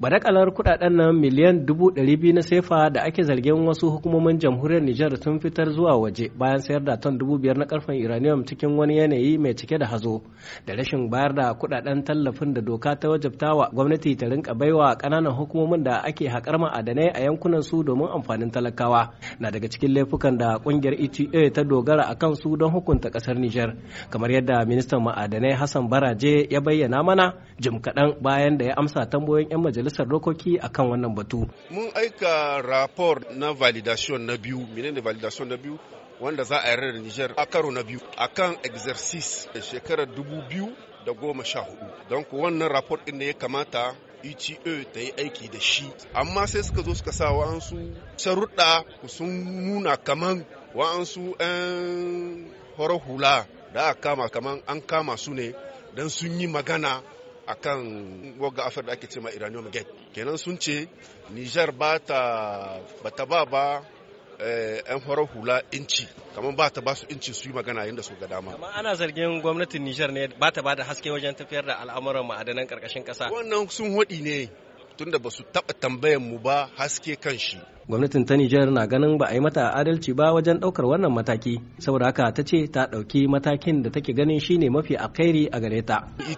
Badakalar kudaden nan miliyan dubu ɗari biyu na sefa da ake zargin wasu hukumomin jamhuriyar Nijar sun fitar zuwa waje bayan sayar da ton dubu biyar na karfen uranium cikin wani yanayi mai cike da hazo da rashin bayar da kudaden tallafin da doka ta wajabta wa gwamnati ta rinka baiwa ƙananan hukumomin da ake haƙar ma'adanai a yankunan su domin amfanin talakawa na daga cikin laifukan da ƙungiyar ETA ta dogara a kansu don hukunta ƙasar Nijar kamar yadda ministan ma'adanai Hassan Baraje ya bayyana mana jim kaɗan bayan da ya amsa tambayoyin 'yan majalisar majalisar dokoki akan wannan batu mun aika rapor na validation na biyu menene validation na biyu wanda za a yi da Niger a karo na biyu akan exercice shekarar dubu biyu da goma sha hudu don wannan rapor ɗin da ya kamata ETA ta yi aiki da shi amma sai suka zo suka sa wa'ansu sharuɗa ku sun nuna kaman wa'ansu 'yan horo hula da aka kama kaman an kama su ne don sun yi magana akan wogga afar da ake ce a iranium gate kenan sun ce niger ba ta ba ta ba ba eh, yan farar hula inci kamar ba ta ba su inci su yi magana yadda su ga dama amma ana zargin gwamnatin niger ne ba ta ba da haske wajen tafiyar da al'amuran ma'adanan karkashin kasa wannan sun hodi ne tunda ba su taɓa tambayan mu ba haske kan shi. Gwamnatin ta Niger na ganin ba a yi mata adalci ba wajen ɗaukar wannan mataki, saboda haka ta ce ta ɗauki matakin da take ganin shine mafi alkhairi a gare ta. E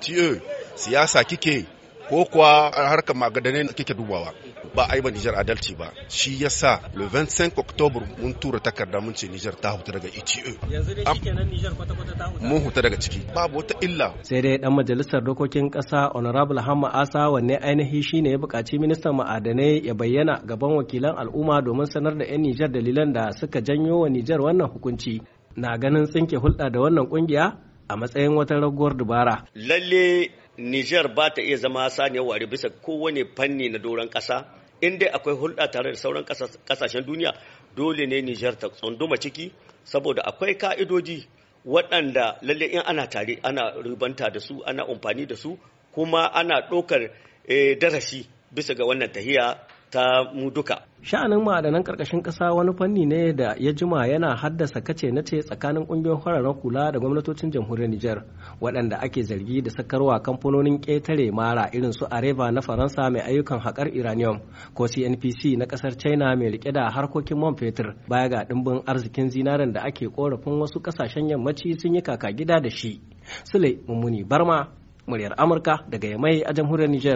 siyasa kike ko kuwa harkar magadanai kike dubawa ba a yi ba Nijar adalci ba shi ya sa le 25 October mun tura takarda mun ce Nijar ta huta daga ETA. E. yanzu shi kenan Nijar kwata kwata ta huta mun huta daga ciki babu wata illa sai dai dan majalisar dokokin kasa Honorable Hamma Asa wanne ainihi shine ya buƙaci ministan ma'adanai ya bayyana gaban wakilan al'umma domin sanar da 'yan Nijar dalilan da suka janyo wa Nijar wannan hukunci na ganin tsinke hulɗa da wannan kungiya a matsayin wata raguwar dubara lalle Nijar ba ta iya zama saniyar ware bisa kowane fanni na doron ƙasa in dai akwai hulɗa tare da sauran kasashen duniya dole ne Nijar ta tsunduma ciki saboda akwai ka'idoji waɗanda lalle in ana tare ana ribanta da su ana amfani da su kuma ana ɗaukar eh, darasi bisa ga wannan tahiya ta mu duka sha'anin ma'adanan karkashin ƙasa wani fanni ne da ya jima yana haddasa kace na ce tsakanin kungiyoyin fararen kula da gwamnatocin jamhuriyar Nijar waɗanda ake zargi da sakarwa kamfanonin ƙetare mara irin su Areva na Faransa mai ayyukan haƙar uranium ko CNPC na ƙasar China mai rike da harkokin man fetur baya ga ɗimbin arzikin zinaren da ake korafin wasu ƙasashen yammaci sun yi kaka gida da shi. Sule Mummuni Barma, muryar Amurka daga Yamai a jamhuriyar Nijar.